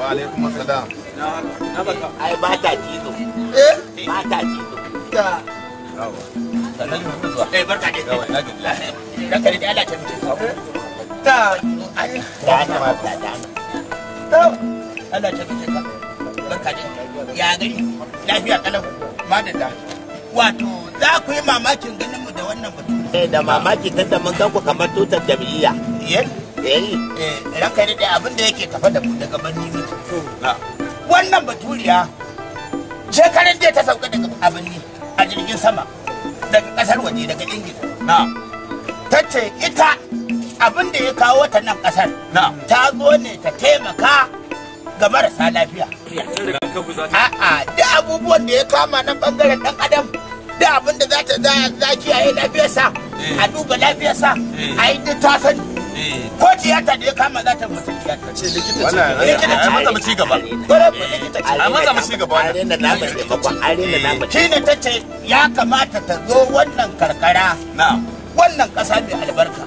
wa alaikum assalam ai ba ta eh ba ta yawa zuwa eh barka da yawa na ji dan kare Allah ta da na ma ta Allah ta mutu ya gani. lafiya kalau mu da wannan mutum eh da mamaki mun ga kamar tutar jami'a eh Eh, eh ranka ne da abin da yake tafa da mu daga birni ne ah. wannan baturiya shekarun da ta sauka daga abin a jirgin sama daga kasar waje daga ingila na ta ce ita abinda ya kawo ta nan kasar ta zo ne ta taimaka ga marasa lafiya a'a da abubuwan da ya kama na bangaren dan adam da abin za ta za kiyaye lafiyarsa eh. a duba lafiyarsa eh. a yi ta sani ko tiyata da ya kama za ta mutu tiyata ce likita ce likita ce ci gaba ƙwararru likita ce a maza mu ci gaba wannan da na mace ba a rena na mace shi ne ta ya kamata ta zo wannan karkara na'am wannan ƙasa mai albarka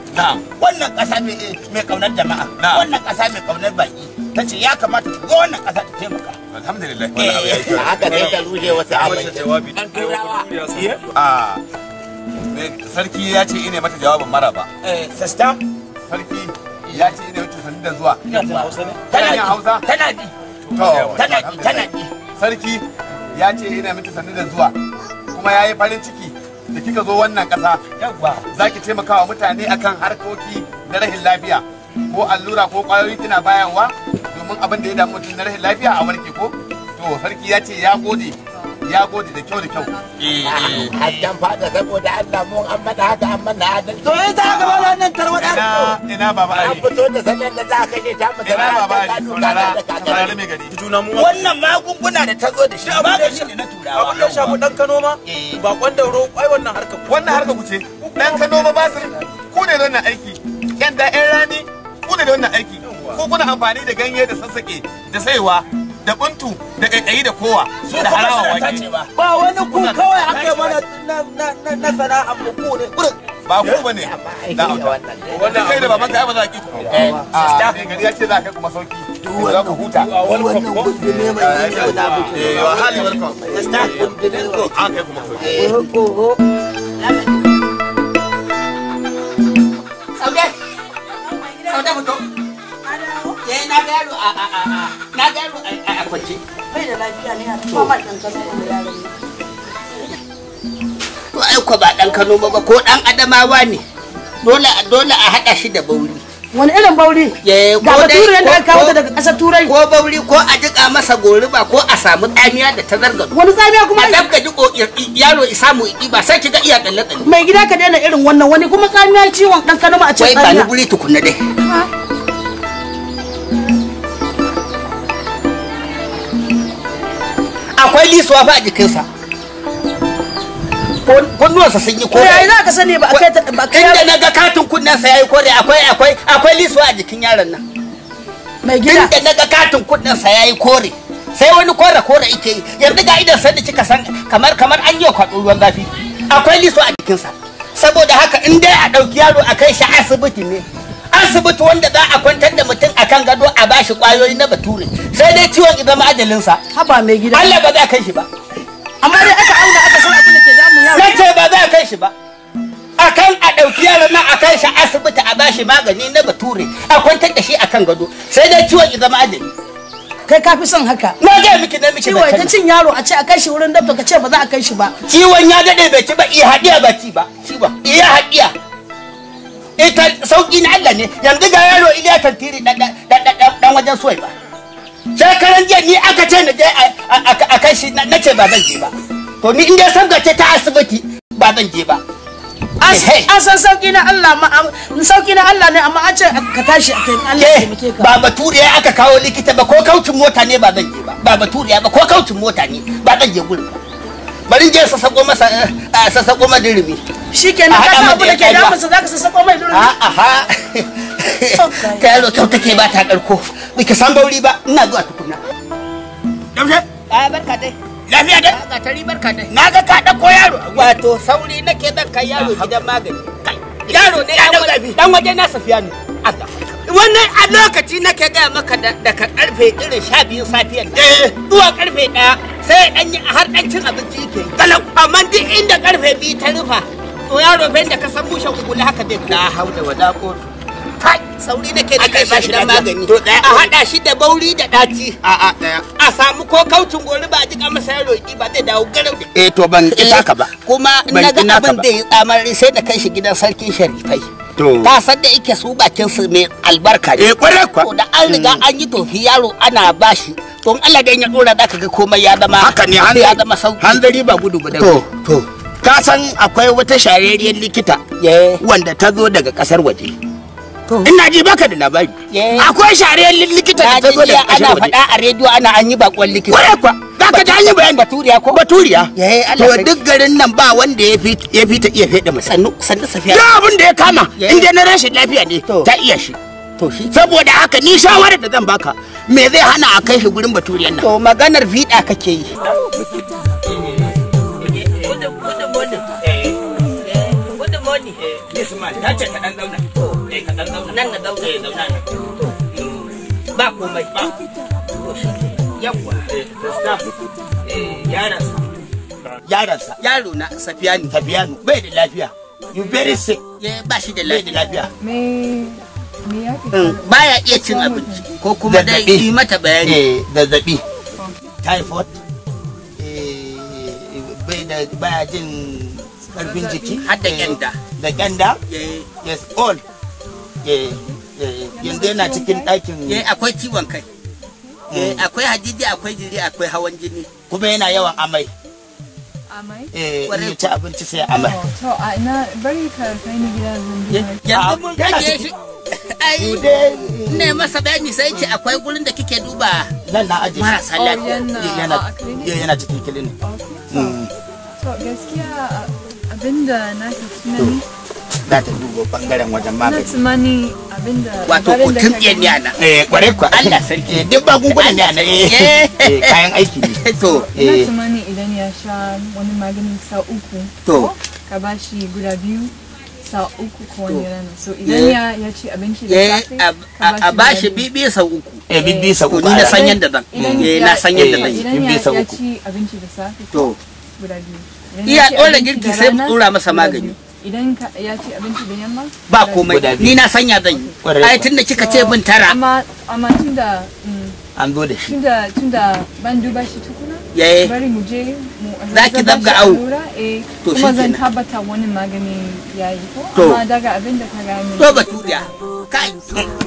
wannan kasa mai ƙaunar jama'a wannan kasa mai ƙaunar baki tace ya kamata ta zo wannan ƙasa ta taimaka alhamdulillah a haka dai ta ruje wata abai dan turawa sarki ya ce ina mata jawabin maraba sista sarki ya ce ina wuce sanin da zuwa hausa tana bi tana bi tana bi sarki ya ce ina miki sanin da zuwa kuma ya yi farin ciki da kika zo wannan ƙasa yawa za ki taimaka mutane akan harkoki na rahin lafiya ko allura ko ƙwayoyi kina wa domin abin da ya damu mutum na rahin lafiya a warke ko to sarki ya ce ya gode ya gode da kyau da kyau eh, eh. hasken fata saboda Allah mun an mada haka an mada haka. to yi za ka bada nan tarwada ina ina baba ali an fito da sallan da za ka je ta mu ina baba ali saurara mai gari. mu wannan magunguna da ta zo da shi ba da shi na turawa abin da shafi dan Kano ma eh. ba kwanda ro ai wannan harka wannan harka kuce dan Kano ma ba su ku ne wannan aiki yan da yan rani ku ne wannan aiki ko kuna amfani da ganye da sassake da saiwa da buntu da kaikayi da kowa da harawa wake ba wani ku kawai ake mana na sana'a ku ne ba ku ba ne da auta wanda kai da baban ka ba za ki ku eh, eh, a ah, ah, gari ya ce za ka kuma sauki za ku huta wannan gudu ne mai yau na buki eh wa hali barka sta gudu ne ko a kai kuma sauki oho eh, sauke sauke mutum na gano a a a na gano a kwace bai da lafiya ne a kano ai ko ba dan kano ba ko dan adamawa ne dole dole a haɗa shi da bauri wani irin bauri eh, ga baturen da kawo daga ƙasar turai ko bauri ko a jika masa goriba ko a samu tsamiya da ta zargado wani tsamiya kuma a jiko yaro isa mu ba sai kiga iya tsalle tsalle mai gida ka daina irin wannan wani kuma tsamiya ciwon dan kanoma a cikin tsamiya wai ba ni guri tukunna dai akwai lisuwa ba a jikinsa kunnuwansa sun yi kore yayi za ka sani ba kai ba kai inda na ga katin kunnensa yayi kore akwai akwai akwai lisuwa a jikin yaron nan mai gida inda na ga katin kunnensa yayi kore sai wani kore kore yake yi yanzu ga idan sai da kika san kamar kamar an yi kwaɗo ruwan zafi akwai lisuwa a jikinsa saboda haka in dai a ɗauki yaro a kai shi asibiti ne asibiti wanda za a kwantar da mutum akan gado a bashi kwayoyi na bature sai dai ciwon idan ajalinsa haba mai gida Allah ba za kai shi ba amma dai aka auna aka san abin da ke damu yaro nace ba za kai shi ba akan a dauki yaron nan a kai shi asibiti a bashi magani na bature a kwantar da shi akan gado sai dai ciwon idan ajali kai ka fi son haka na ga miki na miki ciwon ta cin yaro a ce a kai shi wurin dabba ka ce ba za a kai shi ba ciwon ya dade bai ci ba iya hadiya ba ci ba ciwon iya hadiya ita eh, sauki na Allah ne yanzu ga yaro Iliya Tantiri dan wajen suwai ba shekaran jiya ni aka ce na je a kai shi na ce ba zan je ba to ni in dai sabgace ce ta asibiti ba zan je ba an eh, san sauki na Allah sauki na Allah ne amma an ce ka tashi a kai Allah ya eh, taimake ka ba ya aka kawo likita ba ko kautin mota ne ba zan je ba ba baturiya ba ko kautin mota ne ba zan je gurin ba bari je sassako masa eh, a sassako ma dirbi shikenan ka san abu da ke da su zaka sasako mai dirbi a ha ka yaro ta take ba ta karko bai ka san bauri ba ina zuwa tukuna damshe a barka dai lafiya dai ka tari barka dai naga ka da ko yaro wato sauri nake dan kai yaro gidan magani yaro ne dan waje na safiya ne aka wannan a lokaci nake gaya maka daga karfe irin sha biyu safiyar eh. zuwa karfe ɗaya sai dan yi har dan cin abinci ke kalau amma duk inda karfe biyu ta rufa to yaro bai da ka san bushe ungula haka bai na haula wada ko kai sauri nake da kai shi da magani a hada shi da bauri da daci a a daya a samu ko kaucin gori ba a jika masa yaro ki ba zai dawo garau eh to ban kita ka ba eh, kuma na ga abin da ya tsamari sai da kai shi gidan sarkin sharifai ta san da yake su bakin su mai albarka ne eh kwarai kwa to da an riga mm. an yi tofi yaro ana bashi to in Allah dan ya dora da kaga komai ya zama haka ne hanzari ya zama sauki hanzari ba gudu ba to to ka san akwai wata shararriyar likita eh. wanda ta zo daga kasar waje ina ji baka da labari eh. akwai shararriyar likita da ta zo daga kasar waje ana faɗa a rediyo ana an yi bakon likita kwarai kwa za ka ji an yi bayani baturiya ko baturiya to duk garin nan ba wanda ya fi ta iya fede mu sannu sannu safiya duk abin da ya kama in dai na rashin lafiya ne ta iya shi to saboda haka ni shawarar da zan baka me zai hana a kai shi gurin baturiyan nan to maganar fiɗa kake yi Nan eh, Ba komai ba. yawa da staff eh, yaransa yaransa yaro na safiyanu safiyanu bai da lafiya you very sick eh, ba shi da lafiya mm. baya iya cin abinci ko kuma dai yi mata bayani eh, zazzabi typhoid bai da baya jin karfin jiki hada kyanda da kyanda yes all yanzu yana cikin ɗakin akwai ciwon kai Eh, mm. akwai hadidi akwai jiri akwai hawan jini kuma yana yawan amai amai eh in ta abinci sai amai oh, to a ina bari ka kai ni gida zan yanzu mun kake shi ai ne masa bayani sai ce akwai gurin da kike duba nan na aji marasa lafiya oh, yana eh, eh, yana cikin kilin mm. to gaskiya abinda na ke tunani za ta duba bangaren wajen magani. Na tsimani abinda Wato kutun ɗiyan ne ana. Eh kware kwa. Allah sarki. Eh, duk ne ana. Eh, eh kayan aiki ne. To. Eh, na tsimani idan ya sha wani maganin sa uku. To. Ka guda biyu. Sa uku ko wani rana. So idan ya ci abinci da safe. A bibi sa uku. Eh bibi sa uku. ni na san yadda Eh na san yadda zan. Bibi sa uku. Idan ya ci abinci da safe. To. Guda biyu. Iya ɗora girki sai ɗora masa magani. idan ya ci abinci da yamma ba komai ni na sanya zan ai tunda kika ce bin tara amma amma tunda mm, an zo da shi tunda tunda ban duba shi tukun yaye eh. bari mu je za ki zabga awo eh. to kuma zan tabbata wani magani yayi ko amma daga abin da ka gani to baturiya kai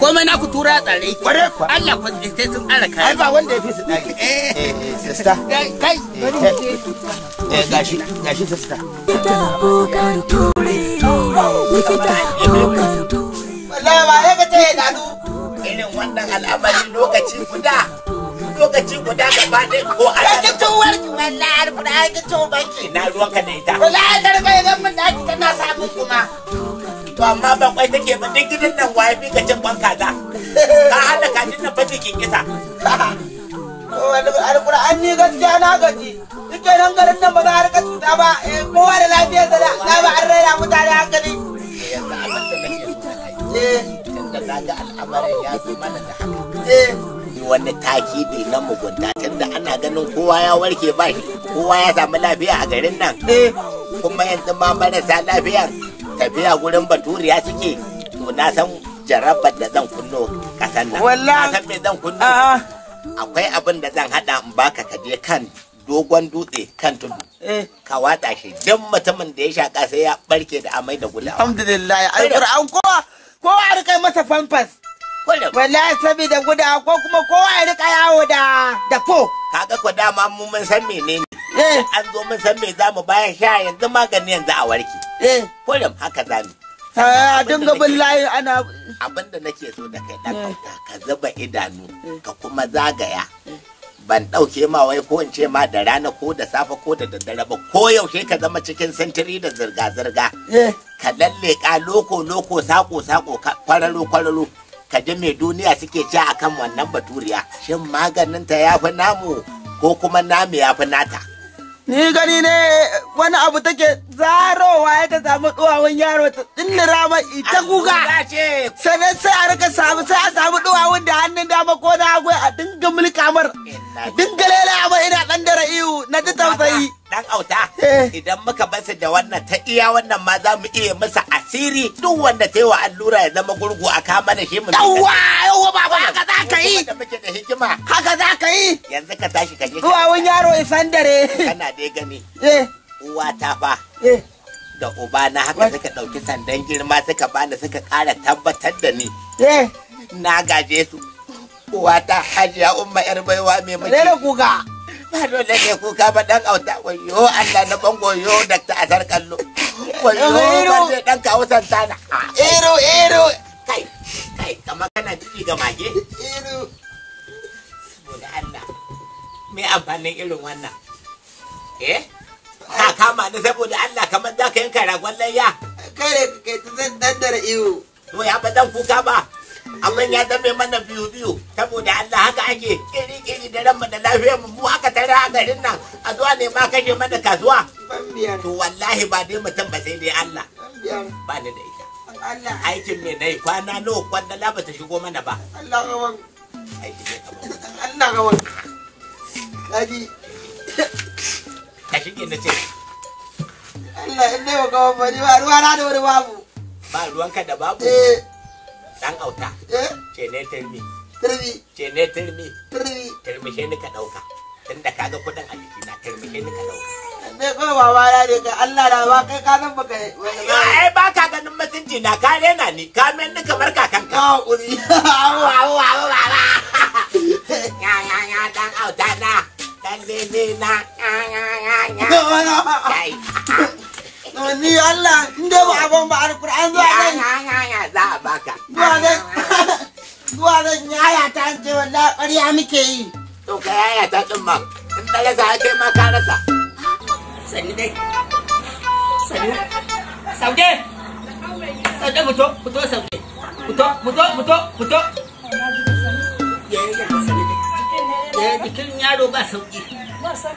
komai na ku tura tsare kware ku Allah ku sai sun ala kai ai ba wanda ya fi su dake eh, eh sista kai bari mu je gashi gashi sista wallahi ba ya ga ta yi dadu irin wannan al'amarin lokaci guda lokaci guda gaba ɗin ko a yanzu tun warki wannan arfura ya ki tun banki na ruwan ka da ita kula ya tarka ya mun daki tana samun kuma to amma ban kwai take ba duk gidan nan waye bi ka cin kwan kaza ka hada kajin nan fashe k'i kisa alƙura an ni gaskiya na gaji duk nan garin nan ba za a rika cuta ba eh, kowa da lafiyar da na ba an raina mutane hankali eh, eh. tunda wani taki ne na mugunta tunda ana ganin kowa ya warke ba kowa ya samu lafiya a garin nan eh, kuma yanzu ma marasa lafiya tafiya gurin ya suke to na san jarabar da zan kunno kasan nan na san me zan kunno ah. akwai abin da zan hada in baka ka je kan dogon dutse kan tudu eh. ka watsa shi duk mutumin da ya shaka sai ya barke da amai da gulawa alhamdulillah ai qur'an kowa kowa a rika masa famfas kullum. Wallahi saboda guda ko kuma kowa ya rika yawo da da fo. Kaga ko dama mu mun san menene. Eh. An zo mun san me za mu bayan sha yanzu magani yanzu a warke. Eh. Kullum haka za mu. Ta dinga bin layi ana. nake so da kai dan eh. ka zuba idanu eh. ka kuma zagaya. Eh. Ban ɗauke ma wai ko in ce ma da rana ko da safe ko da daddare ba ko yaushe ka zama cikin sintiri da zirga-zirga. Ka lalle ka loko-loko sako-sako kwararo-kwararo. ka ji mai duniya suke ja a kan wannan baturiya shin maganin ta ya fi namu ko kuma namu ya fi nata ni gani ne wani abu take zarowa ya ta samu duwawan yaro ta tsinnira ma ita guga sannan sai a rika samu sai a samu duwawan da hannun dama ko na hagu a dinga mulkamar dinga lela ma ina dan da ra'iyu na ji tausayi dan auta eh. idan muka basu da wannan ta iya wannan ma za mu iya masa asiri duk wanda ta yi wa allura ya zama gurgu a kama da shi mu yawa yawa baba haka za ka yi haka za ka yi yanzu ka tashi ka yi ruwa wani yaro isan dare kana dai gani eh. uwa ta fa eh. da uba na haka suka dauki sandan girma suka bani suka kara tabbatar da ni na gaje su uwa ta hajiya umma yar baiwa mai mace kuka ba dole ke kuka ba dan auta wayo Allah na bango yo dakta azar kallo wayo garde dan kawo santana ero ah, ero kai kai kamar kana ciki ga mage ero saboda Allah me amfanin irin wannan eh ka kama ni saboda Allah kamar za ka yanka ragon layya kare kai ta zan dandara iyo to ya ba dan kuka ba amma ya zame mana biyu biyu saboda Allah haka ake kiri kiri da ranmu da lafiyar mu haka tare a garin nan a zuwa ne ma kashe mana kasuwa to wallahi ba dai mutum ba sai dai Allah ba ni da ita Allah aikin me nayi kwana nawa kwana la ba ta shigo mana ba Allah gawan Allah gawan kaji ka shige na ce Allah in dai wa gawan ba ba ruwa na da wani babu ba ruwanka da babu eh dan auta eh? ce ne turmi turmi ce ne turmi turmi turmishe ni ka dauka tun da kaga kudin a jiki na turmishe ni ka dauka ne ko baba na ne ka Allah na ba kai ka nan ba kai. ai ba ka ganin mutunci na ka rena ni ka men ni kamar kakan ka uri awa awa awa baba ya ya ya dan auta na dan ne na ya ya ya ya ni Allah in dai ba a ban ba ya za a baka zuwa nan zuwa nan yaya ta ce wallahi ƙarya muke yi to ka yaya ta din ma in na rasa kai ma ka rasa sani dai sani sauke sauke fito fito sauke fito fito fito fito jikin yaro ba sauki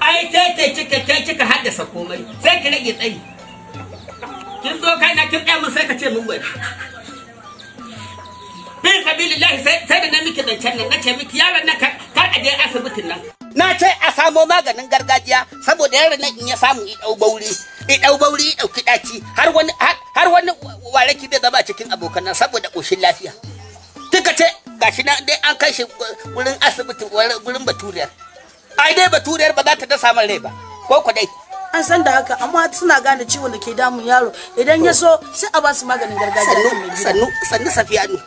ai ta cika ta cika haddasa komai sai ka rage tsayi kin zo kai na kin tsaya mun sai ka ce mun gwai bin sabilillahi sai da na miki can nan na ce miki yaron na kar a je asibitin nan na ce a samo maganin gargajiya saboda yaron nan in ya samu i dau bauri i dau bauri i dauki daci har wani har wani waraki bai zama cikin abokan nan saboda ƙoshin lafiya kika ce gashi na dai an kai shi wurin asibiti wurin baturiyar ai dai baturiyar ba za ta da man rai ba ko ku dai an san da haka amma suna gane ciwon da ke damun yaro idan ya so sai a ba su maganin gargajiya sannu sannu safiya ne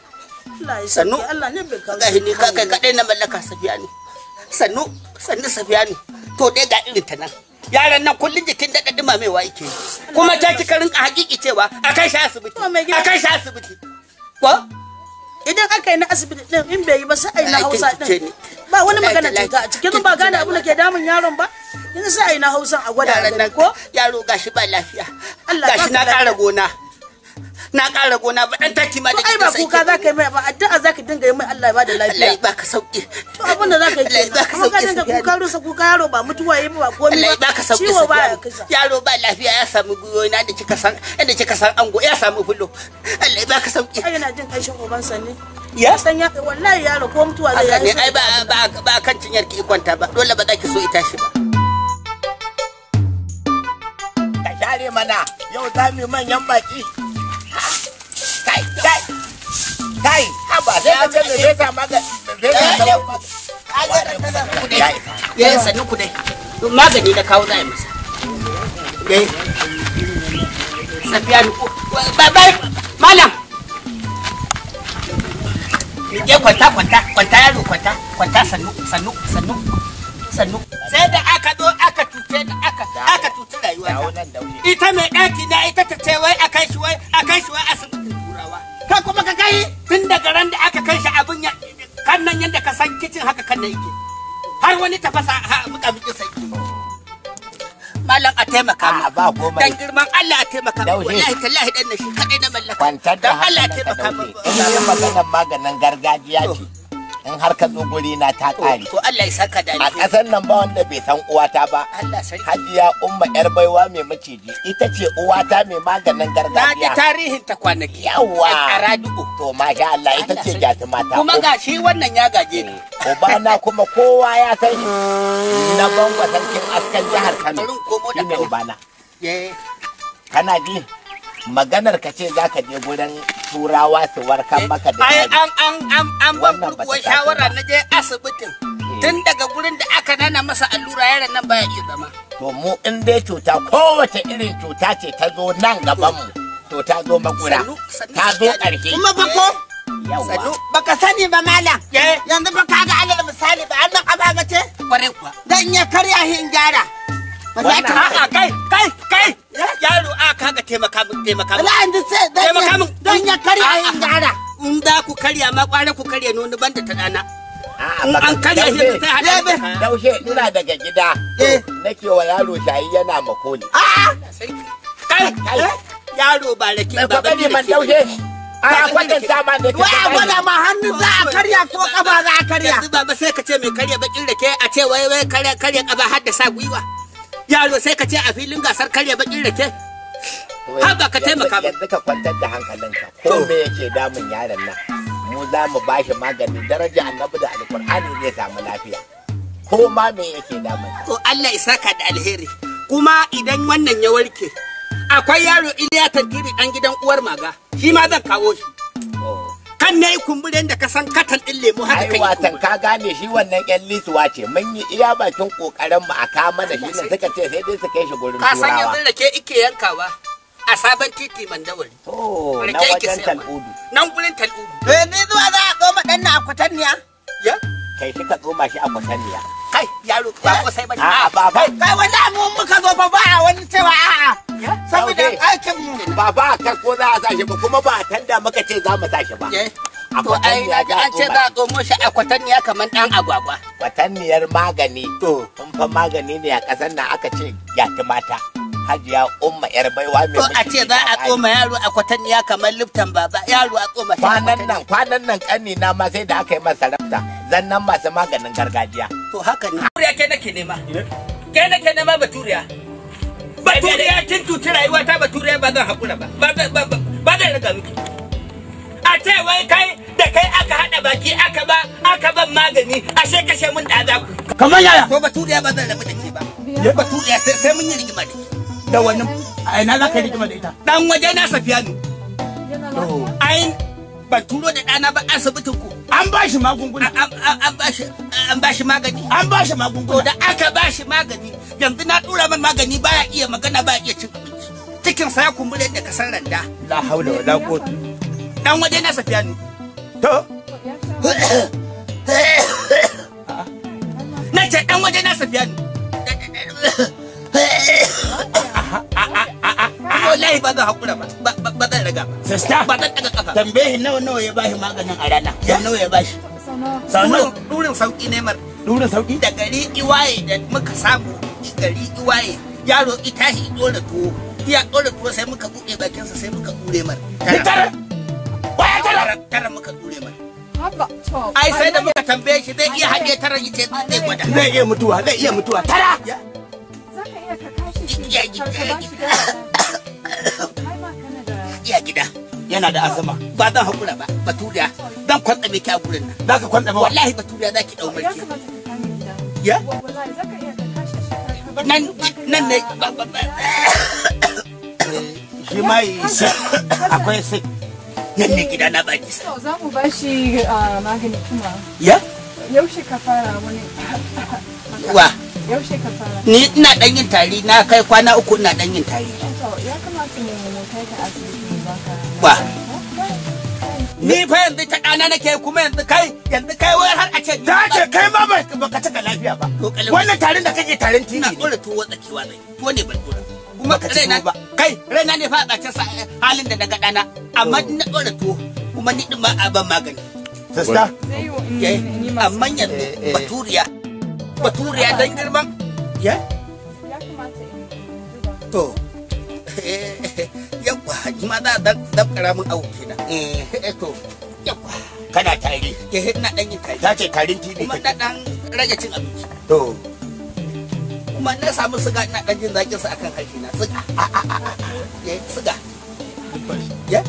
sannu Allah ne bai kawo ne kai kadai na mallaka safiya ne sannu sannu safiya ne to dai ga irin ta nan yaran nan kullun jikin daɗa dumamewa yake kuma ta kika rinka hakiki cewa a kai shi asibiti a kai shi asibiti ko idan aka yi na asibiti din in bai yi ba sai a yi na hausa din ba wani magana cuta a cikin ba gane abu da ke damun yaron ba in za a yi na hausan a gwada ran nan ko yaro gashi ba lafiya Allah gashi na kara gona na kara gona ba dan taki ma da kika ba kuka zaka yi mai ba addu'a zaka dinga yi mai Allah ya bada lafiya Allah ya ka sauki to abin da zaka yi kenan kuma ka dinga kuka rusa kuka yaro ba mutuwa yayi ba komai ba Allah ya sauki ciwo ba yaro ba lafiya ya samu guyo na da kika san inda kika san ango ya samu fulo Allah ya ka sauki ai yana jin kanshin ubansa ne ya san ya wallahi yaro ko mutuwa zai yi ai ba ba kan cinyar ki kwanta ba dole ba za ki so ita shi ba kare mana yau za mu manyan baki kai kai kai ba sai ka ce me zai ta maka zai ta ya sanin ku dai magani na kawo za a yi masa dai safiya ba ba malam je kwanta kwanta kwanta yaro kwanta kwanta sannu sannu sannu sannu sai da aka zo aka tuce da aka aka tuce rayuwa ita mai ɗaki na ita ta ce wai akan shi wai akan shi wai asibitin turawa ka kuma ka kai tun daga ran da aka kai shi abin ya kan nan yadda ka san kicin haka kan nan yake har wani tafasa ha muka miki sai malam a taimaka mu ba goma dan girman Allah a taimaka mu wallahi tallahi dan na shi kadai na mallaka kwantar Allah a taimaka mu maganin maganin gargajiya ce in har ka zo guri na ta kare oh, to Allah ya saka da a ƙasar nan ba wanda bai san uwata ba Allah sarki hajiya umma yar baiwa mai maciji ita ce uwata mai maganin gargajiya na da tarihin ta kwanaki yawa aradu'u to ma sha Allah ita ce gati mata kuma gashi wannan ya gaje ni eh, ubana kuma kowa ya san na bangwa sarkin askan jihar Kano shine ubana eh. kana ji maganar ka ce za ka je gudan turawa su warkar maka da ai an an an an ban kuwa shawara na je asibitin eh. tun daga gurin da aka nana masa allura yaron nan baya ke zama to mu in dai cuta kowace irin cuta ce ta zo nan gaban mu to ta zo magura, ta zo ƙarshe kuma ba ko sannu baka sani ba malam eh. yanzu ba ka ga alal misali ba annan ababa ce kware kuwa dan ya karya hin gyara a'a kai kai kai yaro a kaga taimaka min taimaka min wallahi yanzu sai taimaka min don ya karya in gyara in da ku karya ma kwara ku karya nuna, ban da ta dana in an karya shi sai hada daushe ina daga gida eh. nake wa yaro shayi yana makoni a'a kai kai! Eh. yaro ba rake ba ba ne man daushe ai akwai da sama ne Wa a gwada ma hannu za a karya ko kafa za a karya yanzu ba sai ka ce mai karya bakin rake a ce wai wai karya karya kafa har da sa gwiwa yaro sai ka ce a filin gasar karya bakin rake haba ka taimaka ba ka kwantar da hankalinka ko me yake damun yaron nan mu za mu ba shi magani daraja annabi da alkur'ani zai samu lafiya ko ma me yake damun to Allah isa ka da alheri kuma idan wannan ya warke akwai yaro Iliya Tantiri dan gidan uwar maga shi ma zan kawo shi kan ne kumburin da ka san katan din lemu haka kai watan ka gane shi wannan yan lisuwa ce mun yi iya bakin kokarin mu a kama mana shi ne suka ce sai dai su kai shi gurin turawa ka san yanzu da ke ike yankawa a sabon titi mandawari to na wajen tal'udu nan gurin tal'udu eh ni zuwa za a tsoma ɗan na akwatanniya ya kai shi ka tsoma shi akwatanniya kai yaro ba eh? ko sai bane a ba ba kai wallahi mu muka zo fa ba wani cewa a a saboda aikin mu ba ba kar ko za a sashi ba kuma ba tanda muka ce za mu sashi ba eh? to ai an ce za a tsomo shi a kwatanniya kamar dan agwagwa kwatanniyar magani to in fa magani ne a kasan nan aka ce ya mata hajiya umma yar baiwa mai to a ce za a tsoma yaro a kwatanniya kamar liftan baba yaro a tsoma kwanan nan kwanan nan kanni na ma sai da aka yi masa rafta zannan masu maganin gargajiya. To haka ne. Baturiya ke nake nema. Ke nake nema baturiya. Baturiya kin tuti rayuwa ta baturiya ba zan haƙura ba. Ba ba ba zan riga miki. A ce wai kai da kai aka haɗa baki aka ba aka ban magani a ashe kashe mun ɗaza ku. Kamar yaya. To baturiya ba zan rabu da ke ba. Ya Baturiya sai sai mun yi rigima da ke. Da wani. A ina za ka yi rigima da ita. Dan waje na safiya ne. Oh. Ai ba turo da ɗana ba asibitin ku an ba shi magunguna an ba shi magani an ba shi magunguna to da aka ba shi magani yanzu na dura man magani baya iya magana baya iya cin abinci cikin sa ya kumbure da san randa la haula wala quwwata dan waje na safiya ne to na ce dan waje na safiya ne wallahi ba za hakura ba ba zan raga ba sista ba zan daga kafa tambayi nawa nawa ya bashi maganin a rana ya nawa ya bashi sanu durin sauki ne mar durin sauki da gari iwaye da muka samu gari iwaye yaro itashi dole tuwo iya dole tuwo sai muka buɗe bakinsa sai muka dure mar tara waya tara tara muka dure mar ai sai da muka tambaye shi zai iya haɗe tara yi ce zai gwada zai iya mutuwa zai iya mutuwa tara zaka iya ka kashi shi ka ba shi a gida yana da azama ba zan haƙura ba baturiya zan kwantsame mai a gurin nan za ka ba wallahi baturiya za ki ɗaumar ki ya nan nan ne eh, shi mai yi akwai sai nan ne gida na baki sa za mu ba shi ah, magani kuma ya yaushe ka fara wani wa yaushe ka fara ni ina ɗan yin tari na kai kwana uku ina ɗan yin tari ni fa yanzu ta ɗana nake kuma yanzu kai yanzu kai har a ce da ce kai ma ba ka taka lafiya ba wannan tarin da kake tarin tini ne ɗora tuwo ne tuwo ne ban ɗora kuma raina kai raina ne fa a tsacin eh, halin da na ga ɗana amma oh. na ɗora tuwo kuma ni ɗin ma a ban magani sista eh, eh, amma yanzu baturiya baturiya don girman ya to Eh, yawwa ni ma za a dabkara min awo kenan eh. eh, to yawwa kana tari eh ina dan yin tari tace tarin tv kuma na dan rage cin abinci to kuma na samu suga na dan jin zakin sa akan harshe na siga a a a eh siga ya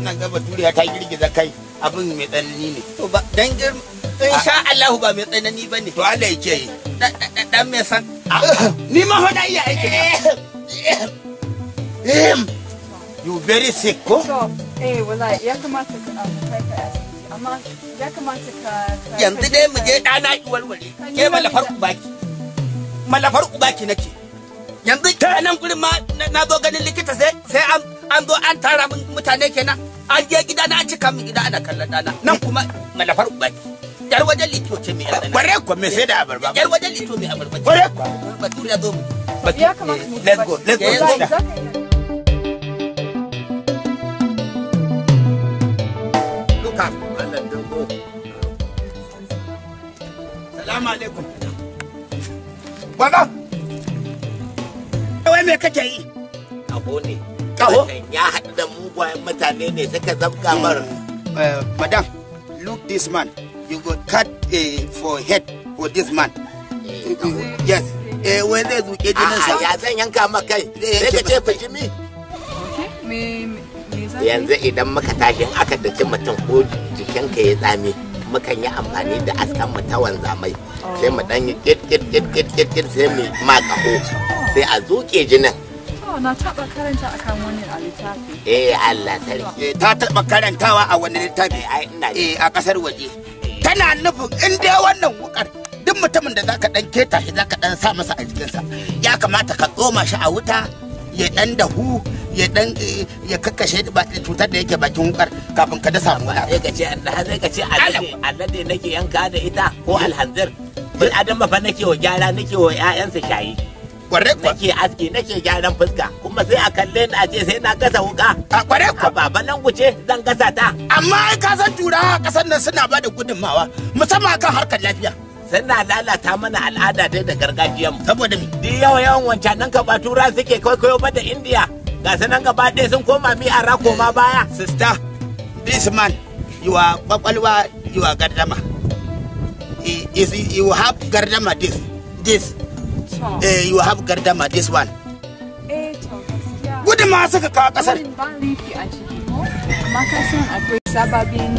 Nan gaba turiya ta girgiza kai abin mai tsanani ne. To ba dan insha Allah ba mai tsanani ba ne to Allah yake yi dan mai san ni ma hoda iya aiki ne you very sick ko eh wallahi ya kamata ka amma ya kamata ka yanzu dai mu je dana ki walwale ke malafar ubaki malafar baki nake yanzu ta nan gurin ma na zo ganin likita sai sai an an zo an tara mutane kenan an je gida na an cika min gida ana kallon dana nan kuma malafar baki. yar wajen ce mai abarba kware me sai abarba wajen lito abarba kware ya zo mu eh, let's go let's go Salamu alaikum. Baba! kake yi? Kaho ne. Kaho? Ya haɗu da mutane ne suka zabga eh, Madam, look this man. you go cut uh, for head for this man. Yes. Eh Ya ah, zan yanka kai. Eh, Yanzu idan muka tashi aka daki mutum ko ka ya yi amfani da askan sai mu dan yi kit kit kit kit kit kit sai mu sai a zuke jinin. Oh, eh Allah sarki. Eh, ta karantawa a wani littafi? a kasar waje. tana nufin in dai wannan wukar duk mutumin da zaka dan keta shi zaka dan sa masa a jikinsa ya kamata ka tsoma shi a wuta ya dan dahu ya dan eh, ya kakkashe cutar da yake bakin wukar kafin ka dasa wani abu ka ce zai ka ce alade nake yanka da ita ko alhanzir bil adam ba nake wa gyara nake wa ƴaƴansa shayi Kware kwa. Nake aski nake gyaran fuska kuma sai a kalle ni a ce sai na gasa wuka. A kware kwa. Baba nan guce zan gasa ta. Amma ai ka san turawa kasar nan suna ba da gudummawa musamman kan harkar lafiya. Suna lalata mana al'ada dai da gargajiyan Saboda me? Duk yawan yawan wancan nan ka ba tura suke kwaikwayo ba da Indiya. Ga sanan gaba ɗaya sun koma mi a rako ma baya. sister this man, you are kwakwalwa, you are gardama. You have gardama this, this. eh you have gardama this one eh to gaskiya gudun ma suka kawo kasar ban rifi a ciki ko amma ka san akwai sababin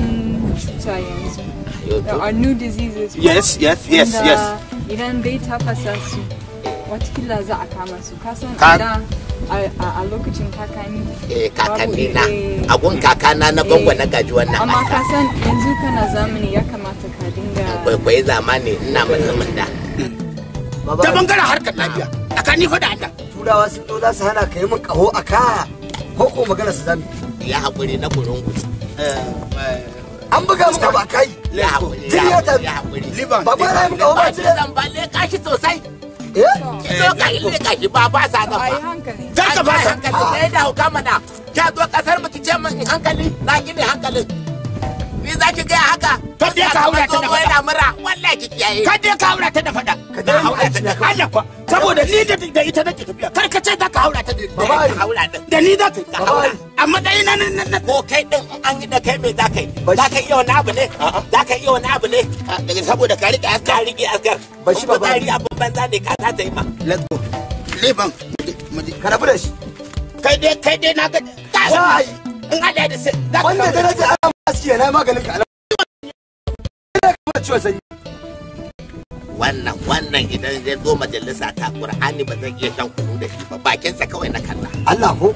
cuta yanzu there are new diseases yes yes yes yes idan bai tafasa su. su watakila za a kama su ka san a a lokacin kakanni eh kakanni na eh, a gun kakana na bango eh, na gaji wannan amma ka san yanzu kana zamani ya kamata ka dinga kwaikwayi zamani ina mun da ta bangaren harkar lafiya tsakani fa da Allah turawa sun zo za su hana ka yi min kaho a ka ko ko magana su zami ya haƙuri na kurungu eh, eh, an buga mu ba kai ya haƙuri ya haƙuri ba ba na yi kaho ba ci da ba le kashi sosai Eh? Kito ka yi ka ki ba ba sa da ba. Za ka ba hankali. Sai da hukama na. Ka zo kasar mu ki ce min hankali na gine hankalin. ni za ki gaya haka kar dai ka haura ta da fada mura wallahi ki kiyaye kar dai ka haura ta da ka da haura ta da Allah kwa saboda ni da da ita nake tafiya kar ka ce za ka haura ta da ka haura da ni za ka haura amma dai ina nan nan ko kai din an yi da kai me za ka yi za ka iya wani abu ne za ka iya wani abu ne saboda ka rike askar rike askar ba shi ba ba dari abun ka ta yi ma shi aski na maganin ka ina kuma ciwon sanyi wannan wannan idan zai zo majalisa ta qur'ani ba zan iya shan kunu da shi ba bakinsa kawai na kalla Allah ko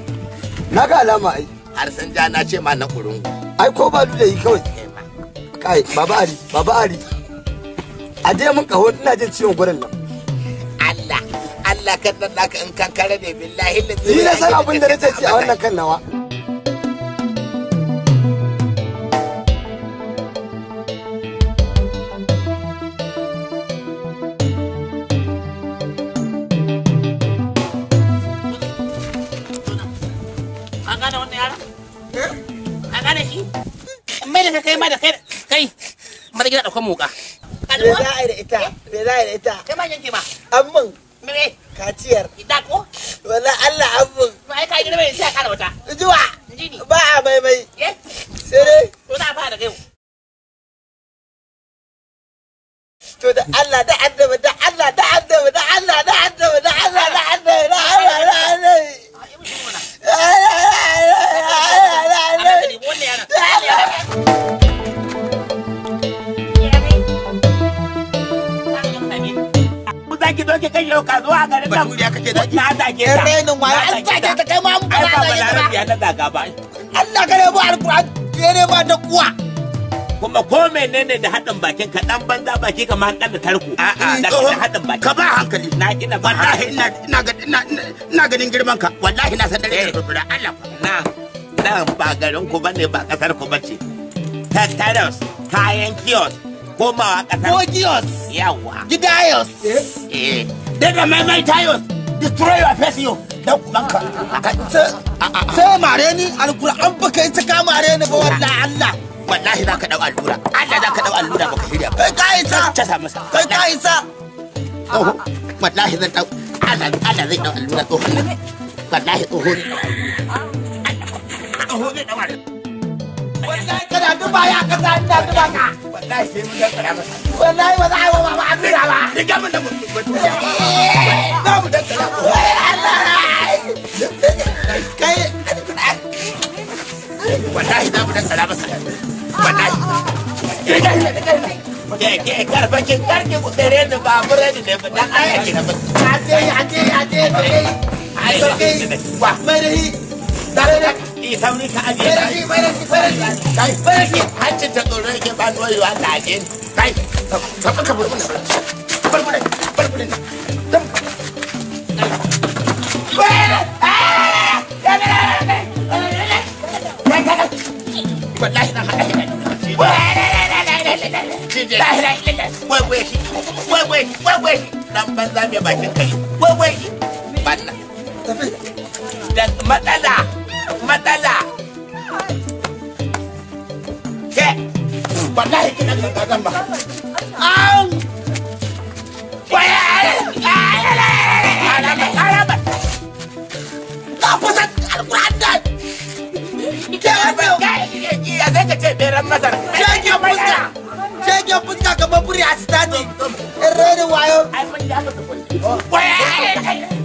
na ga alama ai har san ja na ce ma na kurungu ai ko ba da yi kawai eh, kai baba ari baba ari a dai mun kaho ina jin ciwon gurin nan Allah Allah kan naka in kankare ne billahi ni na san abin da nake ci a wannan kan nawa kai kai ma da kai kai mata gida daukan muka me za a yi da ita me za a yi da ita kai ma yanke ma amman me kaciyar idan ko wala Allah amman ba ai ka gida bai sai ka wata zuwa ba a mai mai sai dai ko za a fara da kai to da Allah da annabi da Allah da annabi da Allah da annabi da Allah da annabi da Allah da annabi a nemi wannan yaran. za ki doke kai yau ka zo a garin nan. Baturiya kake zaki. Na zage ta. Renin waya an zage ta kai ma mu ba da ta. na zaga ba. Allah ka rebo alquran dare ba da kuwa. kuma ko menene da haɗin bakin ka dan banza baki kamar an da tarko a'a da baki ka ba hankali na ina wallahi ina ina ina ganin girman ka wallahi na san dare eh. da Allah na nan ba garin ku bane ba kasar ku bace tattalus kayan kiyos komawa kasar ko kiyos yawa gidayos eh, eh. daga maimai tayos destroy your face yo dan ubanka sai mare ni alkura an baka yi ta mare ni ba wallahi Allah wallahi za ka dau allura Allah za ka dau allura ka shirya kai ka sa. ta sa masa kai ka isa wallahi zan dau Allah Allah zai dau allura tsohon wallahi tsohon kaho zai za wa mama abdura ni ga mun karki ku wa sauri sauri ka aje kai farki farki kai farki hancin ta tsoro yake ba noyi wa Allah aje kai ka ka bar mun bar mun bar mun dan wallahi na haɗa wai wai shi wai wai wai wai dan banza mai bakin kai wai wai banna da matsala matala. ke wallahi kina kan kagan ba an waya alama alama ka kusa alquran da ke ba ya zai ka ce beran fuska fuska kamar buri a stadi rere wayo waya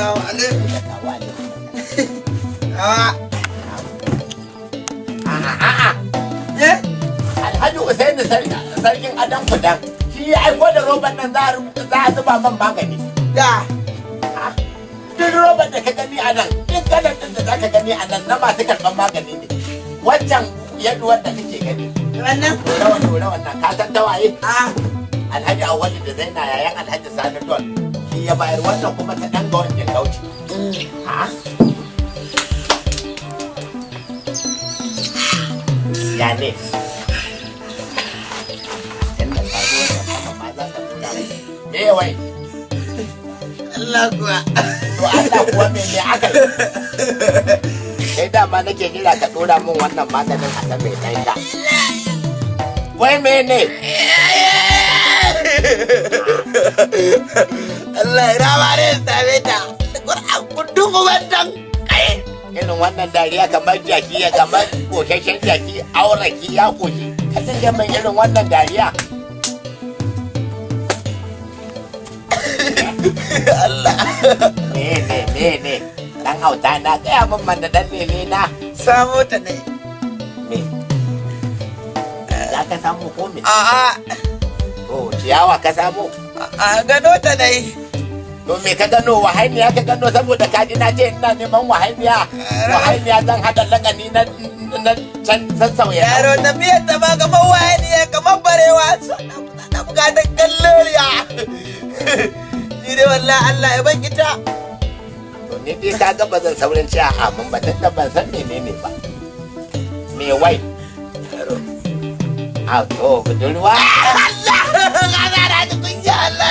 Assalamu alaikum. Alhaji Usain da sarkin Adam Kudan shi ya aiko da roban nan za a zuba man magani. Da. Duk roban da ka gani a nan, duk ganin din da za ka gani a nan na masu karɓar magani ne. Wancan yaduwar da kake gani. Wannan? Dora wannan, ka san tawaye? Ah. Alhaji Awali da Zaina yayan Alhaji Sani Don. bài đâu đâu có hả? wani ya bayar wannan kuma ta ɗan ga wannan dauci ya ne me wai Allah kuwa to Allah kuwa cái me aka kai dama nake jira ka dora min wannan maganin a kan mai tanga wai mene ne Allah ya rama ne same ta. Kur'an kudu kubantan kai. Irin wannan dariya kamar jaki ya kamar koshashen jaki auraki ya koshi. Kasin da mai irin wannan dariya. Allah. Ne ne ne ne. Dan hauta na gaya min man da dan lele na. Samo ta ne. Me? Za ka samu komi. me? A'a. Oh, ciyawa ka samu? A gano ta ne. to ka gano wahainiya ka gano saboda kaji na ce ina neman wahainiya wahainiya zan haɗa lakani na na can sassauya yaro na biyar ta ba kamar wahainiya man barewa na bukatar kalloriya ni dai wallahi Allah ya ban ita to ni dai ka ga zan saurin ci a amin ba tunda ban san menene ba me wai yaro a to budurwa Allah ka zara ji kunya Allah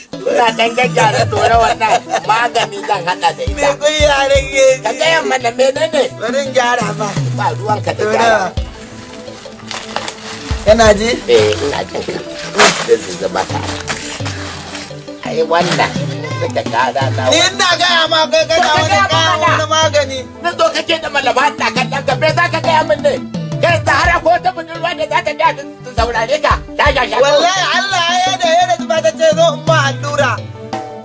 ina dan gyara dora wannan magani zan hada da ita. Me kun yaran ke ji? Ka gaya mana menene? Barin gyara ba. Ba ruwan ka da gyara. Yana ji? Eh ina jin ka. Da zuzuba ta. Ai wannan suka Ina gaya ma kai kana wani kaya wani magani. Na zo kake da malama ta kan ɗan gabe za ka gaya min ne. Kai sahara ko ta budurwa da za ta gaya da saurare ka. Ta shashe. Wallahi Allah ya da ya da ma ta ce zo in allura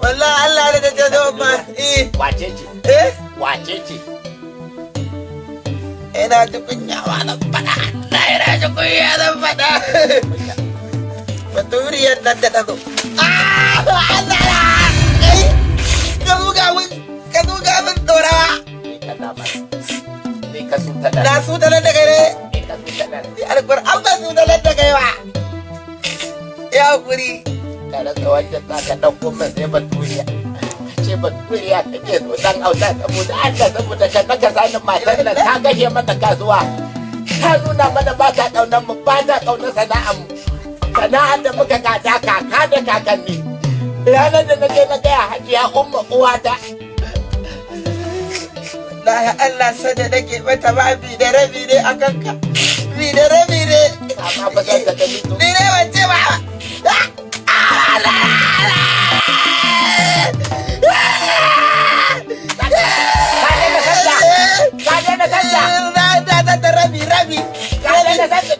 Allah ta ce zo eh wace ce eh wace ce ina ji wa na fada na ina ji kunya na fada baturiyar nan da ta zo ah, Allah na eh, na su nan da ne su nan da ya kuri na rasa wajen za ka ɗauko min sai baturiya ce baturiya ta ke so dan auta saboda Allah saboda ka daga sanin matan nan ta gashe mana kasuwa ta nuna mana ba ta ƙaunar mu ba ta ƙaunar sana'ar mu sana'ar da muka gada kaka da kakanni ranar da na je na gaya hajiya umma uwata wallahi Allah sada ke mata ba bi da rabi ne a kanka bi da rabi ne ni ne wace ba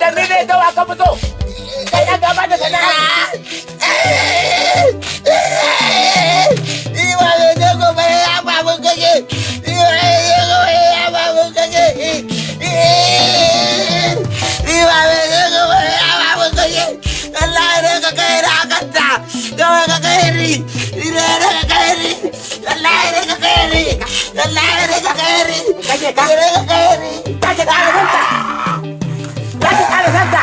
Termine todo a como tú. Que ya acabas de cenar. kawai ka kairi ire ne ka kairi wallahi ne ka kairi wallahi ne ka kairi kake ka ire ka kairi kake ka da santa kake ka da kake ka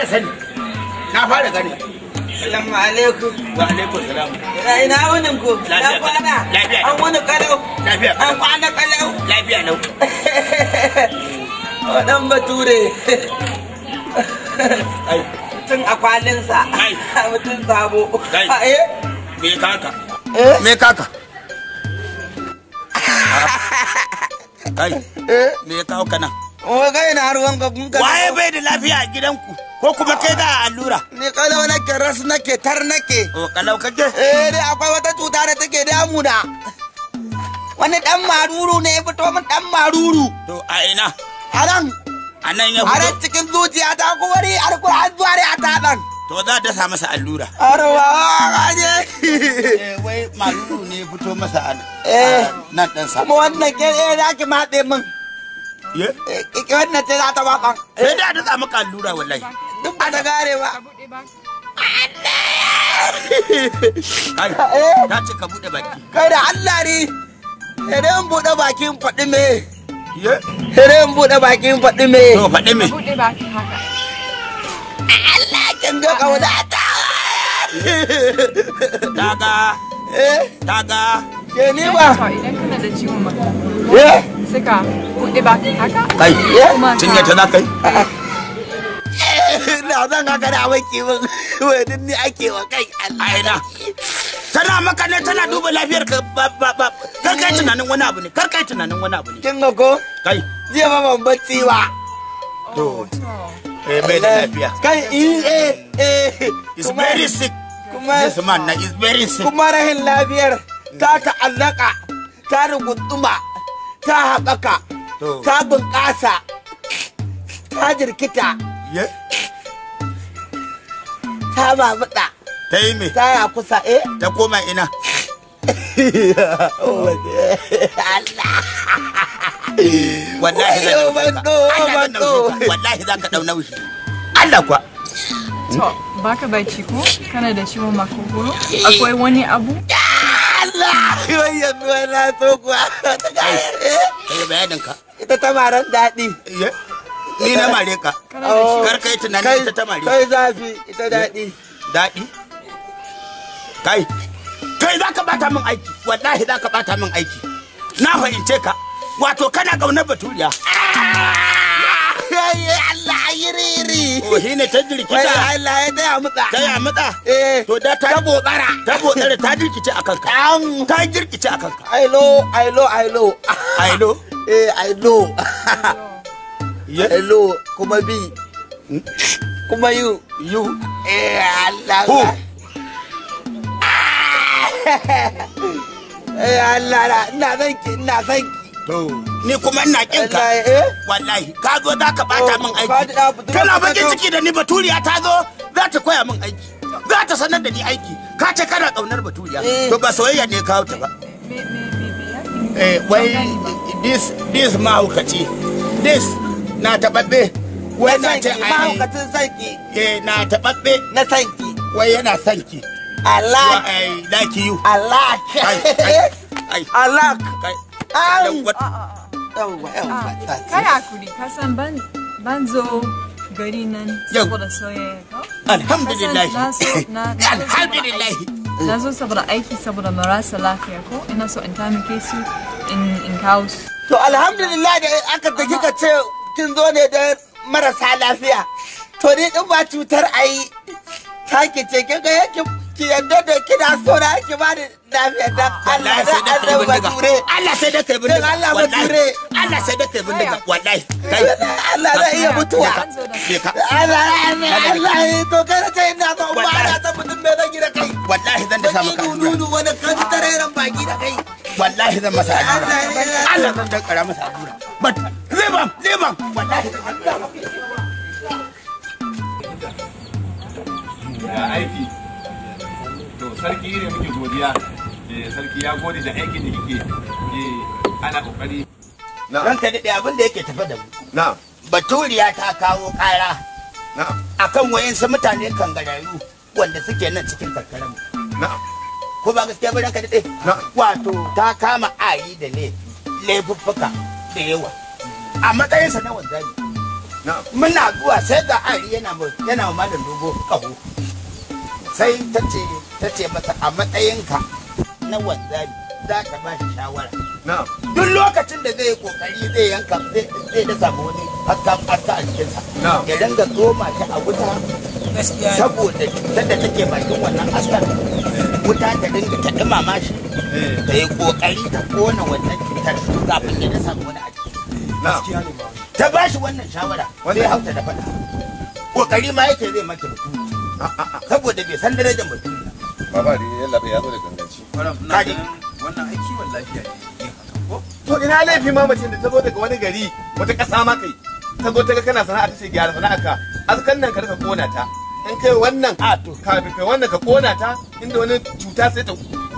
da sani na fara gani Assalamu alaikum. Wa alaikum salam. Ina wannan ko? Lafiya. kwana. Lafiya. An wani kalau. Lafiya. An kwana kalau. Lafiya lau. Wadan bature. Tun a Ai. Mutun sabo. Me kaka. Me kaka. Eh? Me kaka kana? Eh? Eh? Wa kai na ruwan ka kun kana. Waye bai da lafiya a gidanku? ko kuma kai da allura ni kalau nake ras nake tar nake o kalau kake eh dai akwai wata cuta da take damuna wani dan maruru ne ya fito min dan maruru to a ina a Anan a nan ya fito a cikin zuciya ta wari alquran zuwa ne a dan. to za ta sa masa allura arwa gaje eh, wai maruru ne ya fito masa an eh nan dan sa Mu wannan ke eh zaki matse min ye eh wannan ce za ta wakan eh da ta maka allura wallahi duk ba ta gare ba ta eh. ce ka buɗe baki kai da Allah ne buɗe bakin faɗi me buɗe bakin faɗi me to faɗi me Allah kin ga ta eh. ke ba idan kana da ciwon eh. sai ka buɗe haka kai kai da zan haka da maki min wadin ne ake wa kai Allah tana maka ne tana duba lafiyar ka ba ba ba kar kai tunanin wani abu ne kar kai tunanin wani abu ne kin ga ko kai zai ba ban batsi ba to eh bai da lafiya kai eh eh, eh. is very sick kuma this man na is very sick kuma rahin lafiyar ta ta'allaka ta ruguduma ta haɓaka ta bunƙasa ta jirkita ta babuɗa ta yi me ta ya kusa eh ta koma ina wallahi za ka dauna nauyi Allah kuwa to baka baki ko kana da ciwon makogoro akwai wani abu Allah yoyi na to kuwa ta ga eh bayanin ka ita ta maran daɗi eh? ni na mare ka kar kai tunani ita ta mare kai zafi ita daɗi daɗi kai kai za ka bata min aiki wallahi za ka bata min aiki na fahimce ka wato kana ƙaunar baturiya Allah ya riri. O oh, shi ne ta jirkita. Wai Allah ya taya mutsa. Taya mutsa? Eh. To da ta botsara. Ta botsara ta jirkice a kanka. An. Ta jirkice a kanka. Ailo, ailo, ailo. Ailo? Eh, ailo. hello kuma bi hmm? kuma you you eh Allah eh Allah na zan ki ina zan ki ni kuma ina kin ka wallahi eh? ka zo za ka bata oh, min aiki kana bakin ciki da ni baturiya ta zo za ta koya min aiki za ta sanar da ni aiki ka ce kana kaunar baturiya eh. to ba soyayya ne kawo ta ba eh wai this this mahaukaci this na taɓaɓɓe wai na ce ai mahaukacin sanki eh na taɓaɓɓe na sanki wai yana sanki I like I like you I like I like kai hakuri ka san ban ban zo gari nan saboda soyayya alhamdulillah alhamdulillah na zo saboda aiki saboda marasa lafiya ko ina so in tamike su in kawo su to alhamdulillah da aka da ka ce kin zo ne da marasa lafiya to ni din ba cutar a yi take ce kin ga yakin ki yadda da kina so na ki ba ni lafiya dan ah, Allah da Allah bature Allah sai da kai Allah bature Allah sai da kai wallahi kai Allah zai iya mutuwa Allah Allah to kada kai ina ga umma ta mutum me zan gida kai wallahi zan da ka dunu wani kan tarairan baki da kai wallahi zan masa allura Allah zan kara masa allura but wallahi aiki sarki ne muke godiya eh, sarki ya gode da aikin da kike eh, ana kokari ran ka daɗe abin da yake tafe da mu baturiya ta kawo ƙara akan wayansu mutane kangarayu wanda suke nan cikin karkarar mu ko ba gaskiya ba ranka daɗe wato ta kama ayi da ne laifuffuka da yawa a matsayinsa na wanzami muna zuwa sai ga ari yana yana malam dogo ƙaho sai ta ce ta ce masa a matsayinka na wanzami za ka ba shi shawara duk lokacin da zai yi kokari zai yanka zai da samu wani hatta hatta a jikinsa ya danga tsoma shi a wuta saboda cutar da take bakin wannan askar wuta ta dinga ta dumama shi eh. ta yi kokari ta kona wannan cutar kafin ya da samu wani a jiki ta ba shi wannan shawara sai hauta da fada kokari ma yake zai mata mutum saboda bai san darajar mutum ba ba da yalla bai yazo da ganganci kaji wannan ai kiwon lafiya ne eh, to ina laifi ma mace da ta zo daga wani gari wata kasa ma kai ta zo ta ga kana sana'a ta ce gyara sana'a ka azkan nan ka rika kona ta in kai wannan a to kafin kai wannan ka kona ta inda wani cuta sai ta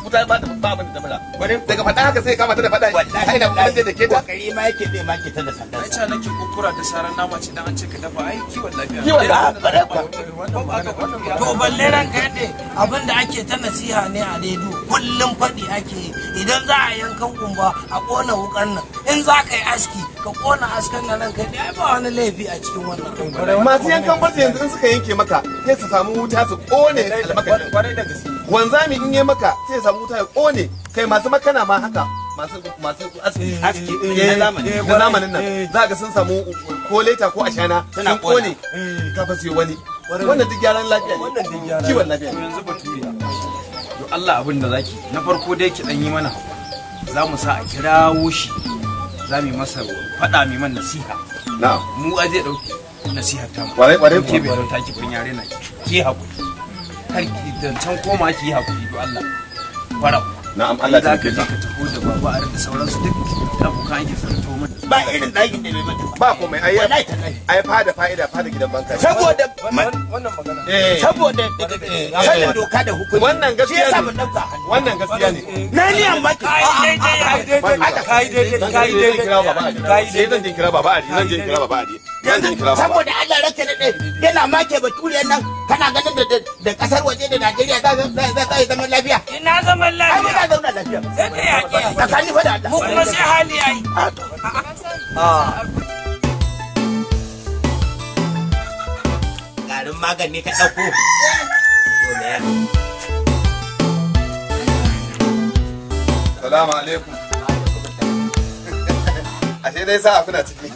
wuta ba ta ba abin da wani daga faɗa haka sai kama ta da faɗa ai da kuma da ke ta kokari ma yake zai make ta da sanda ai ta nake kokura da saran nama ce dan an ce ka dafa ai kiwon lafiya kiwon lafiya to balle ran ka yadda abin da ake ta nasiha ne a redu kullum faɗi ake yi idan za a yankan kumba a ƙona wukan nan in za ka yi aski ka kona askan nan ka ne ai ba wani laifi a cikin wannan masu yankan barci yanzu in suka yanke maka sai su samu wuta su kone wanzami in yi maka sai samu wuta ya kone kai masu makana ma haka masu masu aski eh, eh, eh, na zamanin nan za ka sun samu ko leta ko ashana sun kone ka fasiyo wani wannan duk gyaran lafiya ne kiwon lafiya ne Allah abin da zaki na farko dai ki dan yi mana za mu sa a kirawo shi za mu masa faɗa mai man nasiha na'am mu a zai ɗauki nasiha ta mu ware ƙwarai ke bai rauta ki kun yare na ki hakuri har ki dancan koma ki hakuri do Allah farau na'am Allah ta ka ka tafi da babu a da sauransu duk abokan ki zarto ba irin ɗakin da bai mata ba komai ai ai fada fa'ida fada gidan banka saboda wannan magana eh. saboda eh, eh, saboda doka da hukunci wannan gaskiya ne wannan gaskiya ne na ni amma kai daidai kai kai daidai kai kai daidai kai daidai kai daidai kai daidai kai daidai kai daidai kai daidai kai daidai kai saboda Allah rake daɗe yana make bature nan kana ganin da da kasar waje da Najeriya za za zaman lafiya ina zaman lafiya ai muna zauna lafiya sai da yaƙi tsakani fa da Allah mu kuma sai hali yayi ah, ah. garin magani ka ɗauko Salamu alaikum. Ashe dai sa a kuna ciki.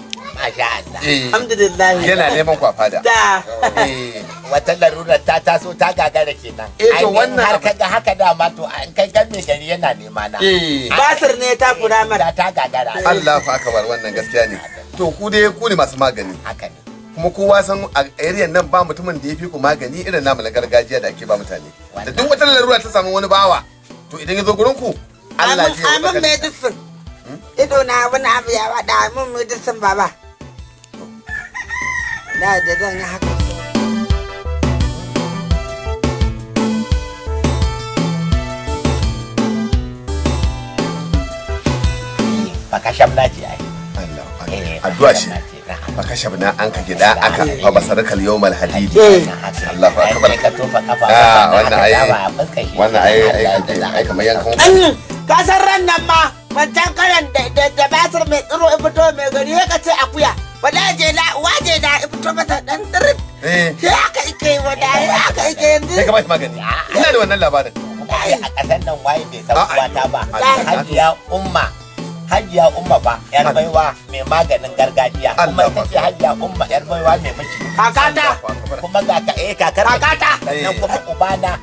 masha Allah eh, alhamdulillah yana neman kwafa da da eh. wata larura ta taso ta gagara kenan eh to wannan har kaga haka da ma to an kai gan mai gari yana nema na eh. basir ne ta kura mara ta gagara allah Allahu akbar wannan gaskiya ne to ku dai ku ne masu magani haka ne kuma kowa san a area nan ba mutumin da ya fi ku magani irin namu na gargajiya da ake ba mutane da duk wata larura ta samu wani bawa to idan ya zo gurin ku Allah ya ji amin medicine hmm? ido na wani abu ya wada amin medicine baba da da zan yi haka baka shabna ce ai eh, addu'a ce baka shabna an ka gida aka fa basarakal yawmal hadidi eh. Allahu akbar ka tofa kafa ah, wannan ai wannan ai ai kamar yankan ka san ran nan ma wancan karan da da basir mai tsiro fito mai gari ya kace akuya wala je na waje na fito masa dan dirin ya eh. aka ike wada ya aka ike yanzu sai ka bashi magani ina da wannan labarin a kasan nan waye bai san uwata ba hajiya umma hajiya umma ba yar baiwa mai maganin gargajiya kuma ita ce hajiya umma yar baiwa mai miji kakata kuma ga ka, eh kakar kakata nan eh. kuma ubana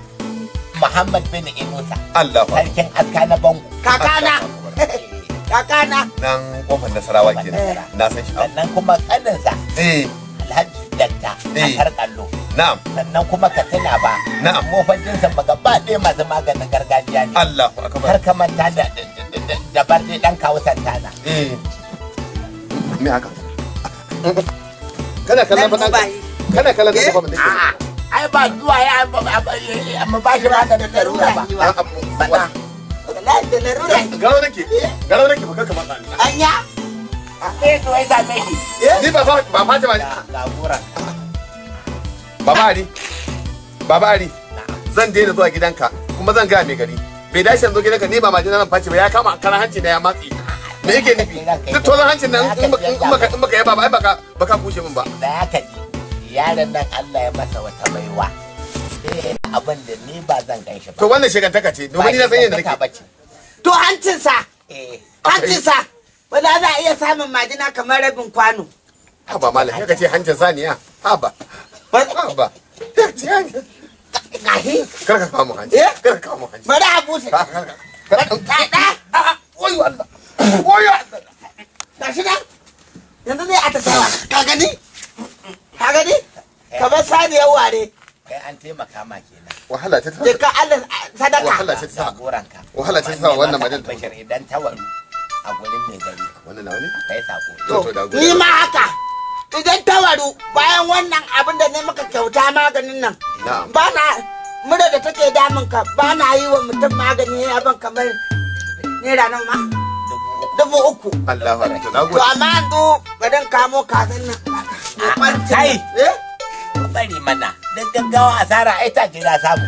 Muhammad bin Inusa. Allah. Sarkin aska na bango. Kakana. kakana nan kofar nasarawa ke na san shi sannan kuma kaninsa eh alhaji dakta a kar kallo na'am sannan kuma ka tuna ba na'am mofajin sa ba gaba ɗaya masu maganin gargajiya ne Allahu akbar kar ka manta da da barde dan kawo santana eh me haka kana kallon fadan kana kallon da kuma da ai ba zuwa ya amma ba shi ba da karura ba wallahi da baka kamar ɗani anya ni ba eh? Eh? ba ba ta ba baba ari baba ari zan daina zuwa gidanka kuma zan gaya mai gari bai dace zo gidanka ne ba majina nan face ba ya kama karan hanci na ya matsi me yake nufi duk tozon hancin nan in baka yaba ba baka kushe min ba da haka ji yaron nan Allah ya masa wata baiwa eh, abin da ni ba zan ganshi ba to wannan shigantaka ce domin ni na san yadda nake to hancinsa hancinsa eh, wala za a iya samun majina kamar rabin kwano haba malam ya ce hancin saniya haba haba gahi kar hanci kar ka hanci eh? bari a buse kar ka da oyo Allah oyo Allah yanzu zai a tasawa ka gani ka gani kamar saniyar ware kai an taimaka ma kenan wahala ce ta sa ka Allah ah, sadaka wahala ce ta sa goranka wahala ce ta wannan madan bashir idan ta waru a gurin mai gari wannan nawa ne kai sako to ni ma haka idan ta waru bayan wannan abin da ne maka kyauta maganin nan ba na mura da take damun ka ba na yi wa mutum magani ya ban kamar naira nan ma dubu uku Allahu akbar to amma yanzu badan kamo kazan nan kai eh bari mana da gaggawa asara ai ta ce za samu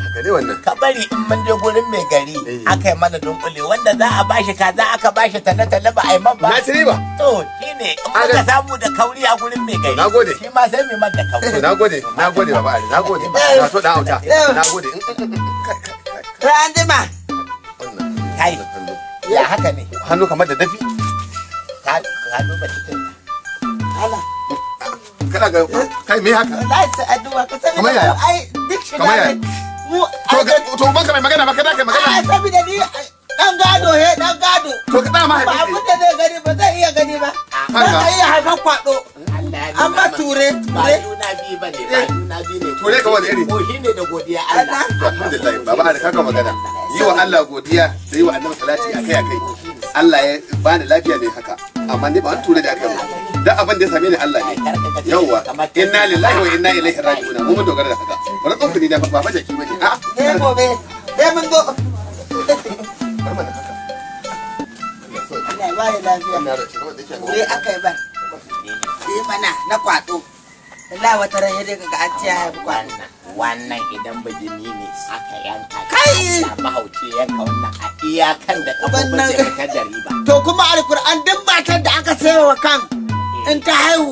ka bari in mun je gurin mai gari eh. aka yi mana dunkule wanda za a bashi za aka bashi tana tana ba a yi man ba na ci ba to shine in muka samu da kauri a gurin mai gari nagode shi ma sai mai man da kauri nagode nagode baba ali nagode eh. na so da auta eh. nagode mm, mm, mm, to an jima kai ya haka ne hannu kamar da dafi ka duba cikin Allah kana ga eh? kai me haka wallahi sai addu'a ka sani kamar yaya ai duk shi kamar yaya mu to ban ka mai magana ba kada kai magana ai saboda ni dan gado he dan gado to ka da mahaifi ba abin da zai gani ba zai iya gani ba ba zai iya haifan kwado amma ture ture na bi ba ne eh. na bi ne ture ka wani iri ko shine da godiya Allah alhamdulillah baba da kaka magana yi wa Allah godiya da yi wa annabi salati akai akai Allah ya ba ni lafiya ne haka amma ni ba an tura da aka da abin da ya same ni Allah ne yawa inna lillahi wa inna ilaihi raji'un mu mun dogara da haka bari ko kudi da ba ba jaki bane a ne eh, gobe ne eh, mun go Allah ya lafiya ne aka yi ba eh, mana na kwato Allah wata ran ya daga ga an tiya ya bi kwanan wannan idan bijimi ne aka yanka kai mahauci ya wannan a iyakan da kafofin zai fitar da riba to kuma alkur'an duk matar da aka sayo wa kan in ta haihu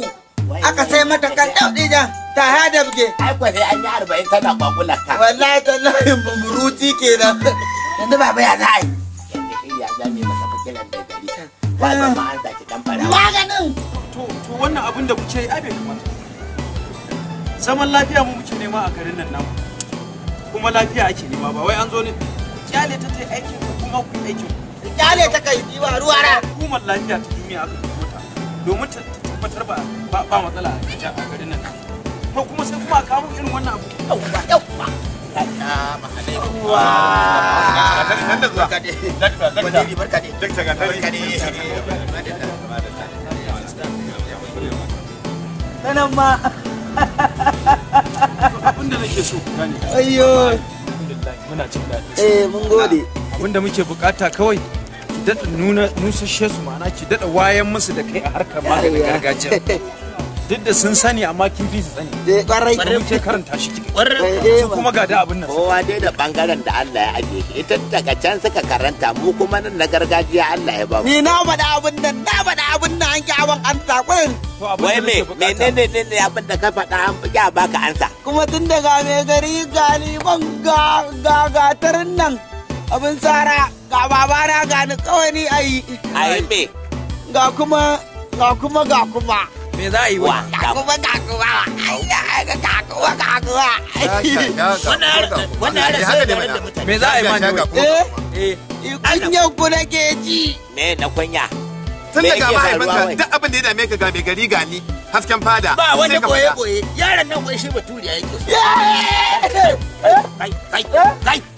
aka sai mata kan daudi jan ta hada buge ai ko sai an yi arba'in tana kwakula ka wallahi tallahi muruti kenan yanzu nan. ya za a yi yanzu shi ya zame masa fakiran da gari ba zama an zaki dan fara maganin to wannan abin da kuke ai bai kamata zaman lafiya mu muke nema a garin nan namu kuma lafiya ake nema ba wai an zo ne kyale ta ta aiki ku kuma ku aiki kyale ta kai diwa ruwa ra hukumar lafiya ta duniya aka kuma domin ta tabbatar ba ba matsala a garin nan to kuma sai kuma ka mu irin wannan abu yau ba yau ba Tanamma. abinda nake eh, muke bukata kawai ki nuna nusasshe su ma'ana ki daɗa wayan musu da kai a harkar maganin gargajiya duk da sun sani amma kin fi su sani eh kwarai kuma ke karanta shi kike kwarai kuma ga da abin nan kowa dai da bangaren da Allah ya aje ki ita daga can suka karanta mu kuma nan na gargajiya Allah ya ba mu ni na faɗa abin nan na faɗa abin nan an ki abin an takun wai me menene ne ne abin da ka faɗa an ya baka ansa kuma tun daga me gari galiban ga ga gatarin nan abin tsara ga babana ga ni kawai ni ayi ayi me ga kuma ga kuma ga kuma me za a yi wani kakuwa kakuwa kakuwa kakuwa wannan ya rasa da mutane me za a yi mani wani kunyan ku na ke me na kunya tun da gaba haifinka duk abin da ya dame ka ga mai gari gani hasken fada ba wani boye boye yaran nan wai shi baturiya yake so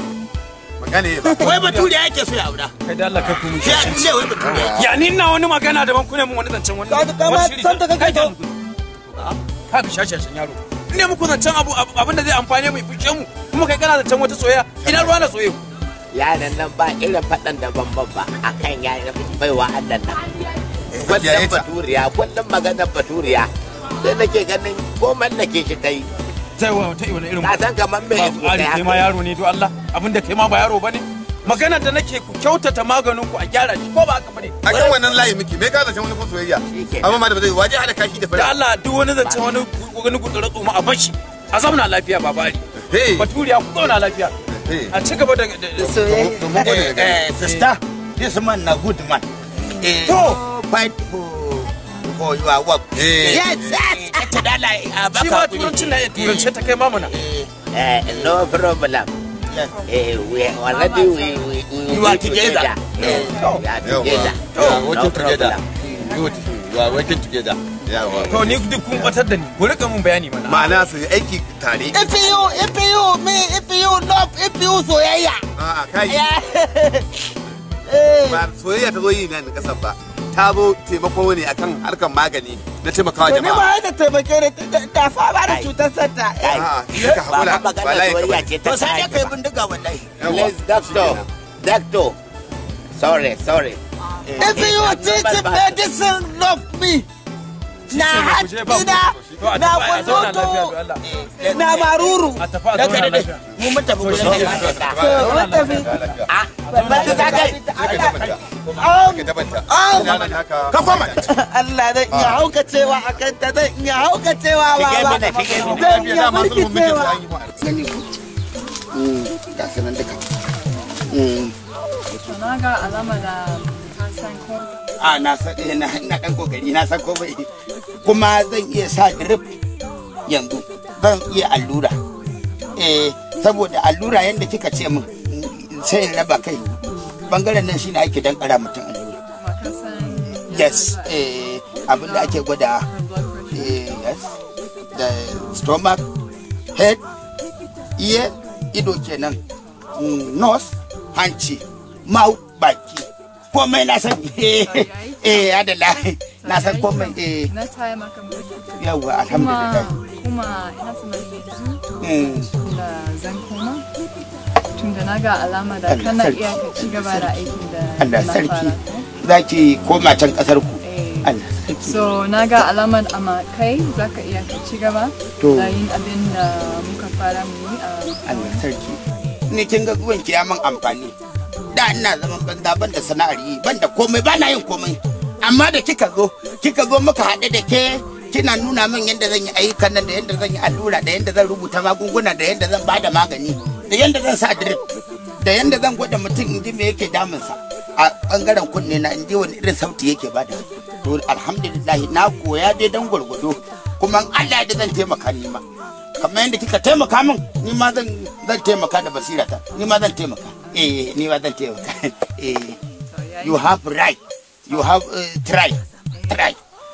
magana ba wai ya yake so ya aura kai da Allah ka kuma ya ce wai bature ya ni ina wani magana daban kuna mun wani zancen wani ka ma san ta kai to ka ka shashashin yaro ne muku zancen abu abin da zai amfane mu fice mu kuma kai kana zancen wata soyayya ina ruwa na soyayya yaran nan ba irin faɗan da bamban ba akan yaran baiwa Allah nan kullum eh, baturiya kullum maganar baturiya sai nake ganin komai nake shi ta ta irin na san kamar me ari kai ma yaro ne to Allah abinda kai ma ba yaro magana da nake ku kyautata maganin ku a gyara shi ko ba haka bane a kan wannan layi miki me ka zancen wani ko soyayya amma ma da ba zai waje hada kashi da fara Allah duk wani zancen wani wani gudura tsoma a bashi a zauna lafiya babari baturiya ku zauna lafiya a ci gaba da soyayya eh, sister this man na good man eh, to fight for for your work. Yes, yes. Ta dala a baka. ta No problem. Eh, we already we we we are together. Eh, we are together. working together. Good. We are working together. To ni duk kun batar da ni. Ku rika mun bayani mana. Ma'ana su aiki tare. If you if you me if you love if you soyayya. A'a kai. Eh. Ba soyayya ta zo yi nan kasan ba. ta zo taimako ne a kan harkar magani na taimakawa jama'a. Ni ma da taimake ne ta fama da cutar santa. Ya ah, ah, ka hakura ba layi ka bane. To sai kai bindiga wallahi. Please doctor, doctor. Sorry, sorry. If you teach medicine, love me. Na haddina. na kullutu na maruru daga dade mu mutafi gurin da ka mutafi a ba ta ta kai ka koma Allah zai iya ah. hauka cewa akan ta zai iya hauka cewa ba ba zai iya mulki cewa mm, ga sanan duka mm. na ga alama da ka san komai a na na dan na san komai kuma zan iya sa drip yanzu zan iya allura eh saboda allura yanda kika ce min sai in raba kai bangaren nan shine ake dan kara mutum allura yes eh abinda ake gwada eh yes the stomach head ear ido kenan mm, nose hanci mouth baki komai na san eh eh adala na san komai eh na taya maka yawa alhamdulillah kuma ina da mm. da zan koma tun da naga alama da kana iya ka ci gaba da aikin da Allah sarki zaki koma can kasar ku eh. Allah so naga alamar amma kai zaka iya ka ci gaba da yin abin da muka fara mu a Allah sarki ne kin ga kuwan kiyaman amfani da ina zaman banza ban da sana'ar yi ban da komai ba na yin komai amma da kika zo kika zo muka haɗe da ke kina nuna min yadda zan yi ayyukan nan da yadda zan yi allura da yadda zan rubuta magunguna da yadda zan bada magani da yadda zan sa drip da yadda zan gwada mutum in ji me yake damunsa a bangaren kunne na in ji wani irin sauti yake bada to alhamdulillah na koya dai dan gwargwado kuma Allah da zan taimaka ni ma kamar yadda kika taimaka min ni ma zan taimaka da basirata ni ma zan taimaka eh ni ba eh you have right you have uh, try try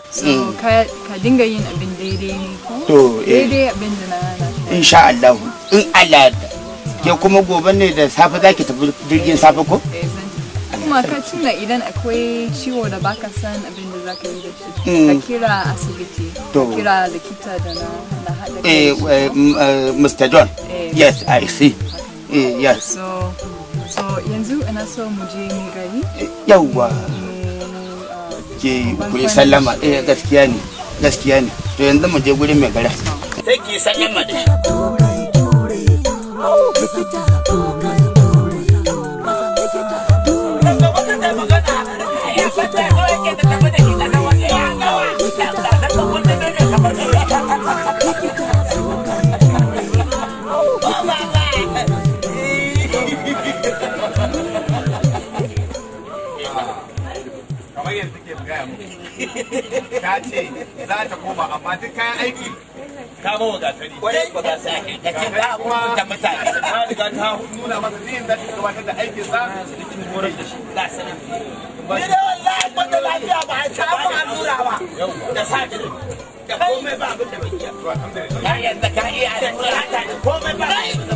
so mm. ka dinga yin abin daidai ne ko to eh. daidai abin da na insha Allah in Allah ke kuma gobe ne da safe zaki tafi jirgin safe ko eh, kuma ka tuna idan akwai ciwo da baka san abin da zaka yi da shi ka mm. kira asibiti kira likita da na Mr mm, John yes i see yes so so yanzu ina so mu je ni gari yawwa ke ku sallama eh gaskiya ne gaskiya ne to yanzu mu je mai gara sai sallama da shi ta ce za ta koma amma duk kayan aiki ta za su ta ce za a hukunta mutane ta riga ta nuna masa ta gabatar da aikin sa da kin horar da shi ni da wallahi lafiya ba a allura ba da sa da komai ba abin da bai yi ya ka iya ta komai ba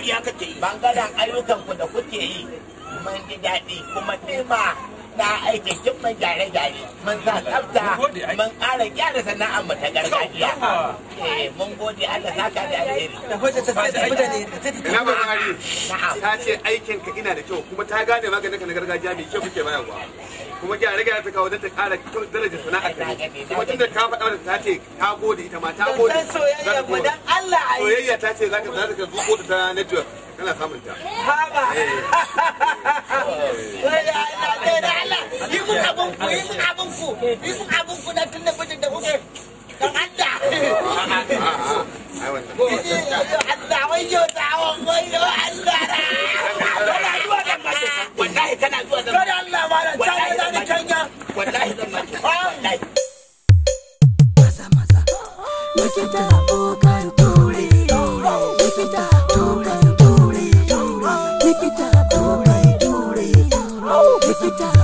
dariya kake yi bangaren ayyukan ku da kuke yi mun ji daɗi kuma nema na aikin kin mun gyare-gyare mun sa tsafta mun ƙara gyara sana'ar mu ta gargajiya Eh, mun gode Allah zaka da alheri da hujja ta sai da ta na ta gari ta ce aikin ka ina da kyau kuma ta gane maganin ka na gargajiya mai kyau kuke bayarwa kuma gyara gyara ta kawo ta kara daraja sana'ar ka kuma tunda ka faɗa mata ta ce ta gode ita ma ta gode soyayya mu dan Allah ai soyayya ta ce zaka zaka ka zuko ta network kana samun ta haba eh. wala ina da Allah yi mun abun ku yi mun abun ku yi mun abun ku na tunda mutum da kuke Thằng anh đại Anh nào mới chưa sao Mới nữa anh ra ra Wallahi zuwa dan mace wallahi kana zuwa dan mace kada Allah ma dan tsaya da ni kanya wallahi dan mace wallahi maza maza mutunta abokan dole mutunta abokan dole mutunta abokan dole mutunta